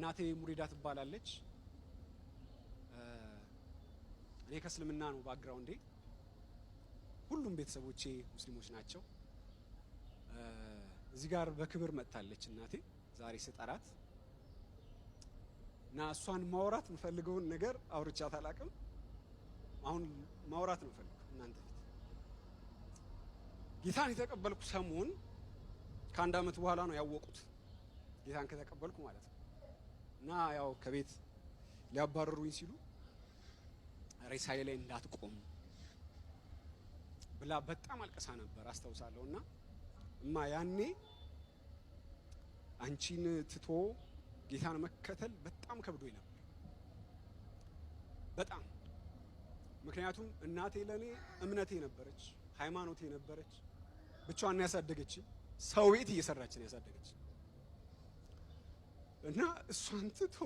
እናቴ ሙሪዳ ትባላለች። እኔ ከእስልምና ነው ባክግራውንዴ። ሁሉም ቤተሰቦቼ ሙስሊሞች ናቸው። እዚህ ጋር በክብር መጥታለች እናቴ ዛሬ ስጠራት እና እሷን ማውራት የምፈልገውን ነገር አውርቻት አላቅም። አሁን ማውራት ነው ፈልግ እናንተ ፊት ጌታን የተቀበልኩ ሰሞን ከአንድ አመት በኋላ ነው ያወቁት ጌታን ከተቀበልኩ ማለት ነው። እና ያው ከቤት ሊያባረሩኝ ሲሉ ሬሳዬ ላይ እንዳትቆም ብላ በጣም አልቀሳ ነበር አስታውሳለሁ። እና እማ ያኔ አንቺን ትቶ ጌታን መከተል በጣም ከብዶ ነበር በጣም ምክንያቱም እናቴ ለእኔ እምነቴ ነበረች፣ ሃይማኖቴ ነበረች። ብቻዋን ያሳደገች ሰው ቤት እየሰራችን ያሳደገች እና እሷን ትቶ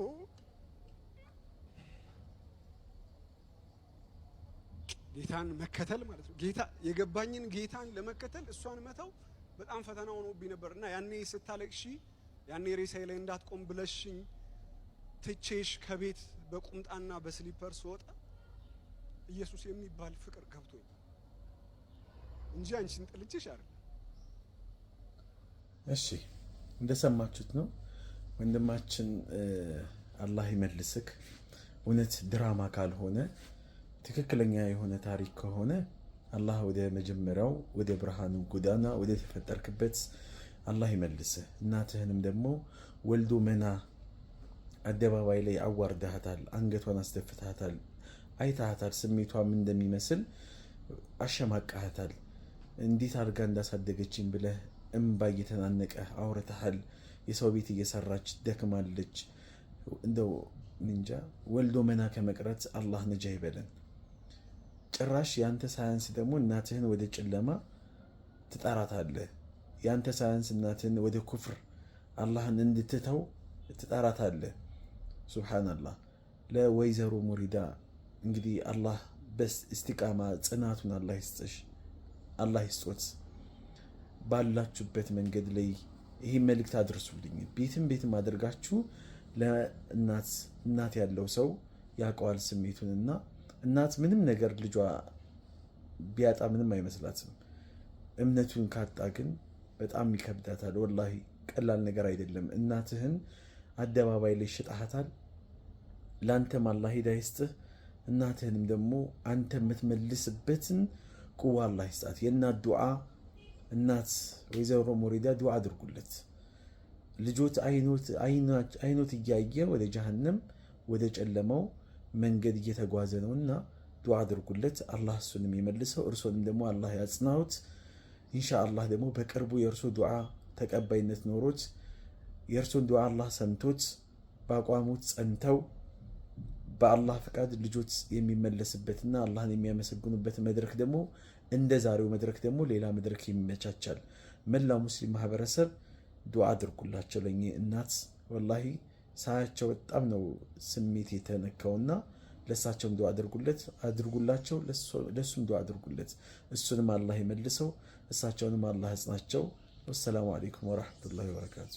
ጌታን መከተል ማለት ነው። ጌታ የገባኝን ጌታን ለመከተል እሷን መተው በጣም ፈተና ሆኖብኝ ነበር እና ያኔ ስታለቅሺ ያኔ ሬሳዬ ላይ እንዳትቆም ብለሽኝ ትቼሽ ከቤት በቁምጣና በስሊፐር ስወጣ ኢየሱስ የሚባል ፍቅር ገብቶኝ እንጂ አንቺን ጥልቼሽ አይደለም። እሺ እንደሰማችሁት ነው። ወንድማችን አላህ ይመልስክ። እውነት ድራማ ካልሆነ ትክክለኛ የሆነ ታሪክ ከሆነ አላህ ወደ መጀመሪያው ወደ ብርሃኑ ጎዳና ወደ ተፈጠርክበት አላህ ይመልስህ። እናትህንም ደግሞ ወልዶ መና አደባባይ ላይ አዋርዳሃታል፣ አንገቷን አስደፍታሃታል፣ አይታሃታል፣ ስሜቷ ምን እንደሚመስል አሸማቃሃታል። እንዴት አድርጋ እንዳሳደገችን ብለህ እምባ እየተናነቀህ አውርተሃል። የሰው ቤት እየሰራች ደክማለች። እንደው እንጃ ወልዶ መና ከመቅረት አላህ ነጃ ይበለን። ጭራሽ ያንተ ሳያንስ ደግሞ እናትህን ወደ ጨለማ ትጠራታለህ። ያንተ ሳያንስ እናትህን ወደ ኩፍር አላህን እንድትተው ትጠራታለህ። ሱብሓነላህ። ለወይዘሮ ሙሪዳ እንግዲህ አላህ በስ እስቲቃማ ጽናቱን አላህ ይስጥሽ፣ አላህ ይስጦት ባላችሁበት መንገድ ላይ ይህ መልእክት አድርሱልኝ። ቤትም ቤትም አድርጋችሁ ለእናት እናት ያለው ሰው ያውቀዋል ስሜቱንና እናት ምንም ነገር ልጇ ቢያጣ ምንም አይመስላትም። እምነቱን ካጣ ግን በጣም ይከብዳታል። ወላሂ ቀላል ነገር አይደለም። እናትህን አደባባይ ላይ ሽጣሃታል። ለአንተም አላህ ሂዳ ይስጥህ። እናትህንም ደግሞ አንተ የምትመልስበትን ቁዋ አላህ ይስጣት። የእናት ዱዓ እናት ወይዘሮ ሞሪዳ ዱዓ አድርጉለት። ልጆት አይኖት እያየ ወደ ጀሃነም ወደ ጨለማው መንገድ እየተጓዘ ነውና ዱዓ አድርጉለት። አላህ እሱንም የመልሰው እርሶንም ደግሞ አላህ ያጽናሁት። ኢንሻአላህ ደግሞ በቅርቡ የእርሶ ዱዓ ተቀባይነት ኖሮት የእርሶን ዱዓ አላህ ሰምቶት በአቋሞት ጸንተው በአላህ ፈቃድ ልጆች የሚመለስበትና አላህን የሚያመሰግኑበት መድረክ ደግሞ እንደ ዛሬው መድረክ ደግሞ ሌላ መድረክ ይመቻቻል። መላው ሙስሊም ማህበረሰብ ዱዓ አድርጉላቸው። ለእኚ እናት ወላሂ ሳያቸው በጣም ነው ስሜት የተነካውና ለእሳቸውም ዱዓ አድርጉለት አድርጉላቸው፣ ለእሱም ዱዓ አድርጉለት። እሱንም አላህ ይመልሰው፣ እሳቸውንም አላህ ያጽናቸው። ወሰላሙ አሌይኩም ወረሕመቱላሂ ወበረካቱ።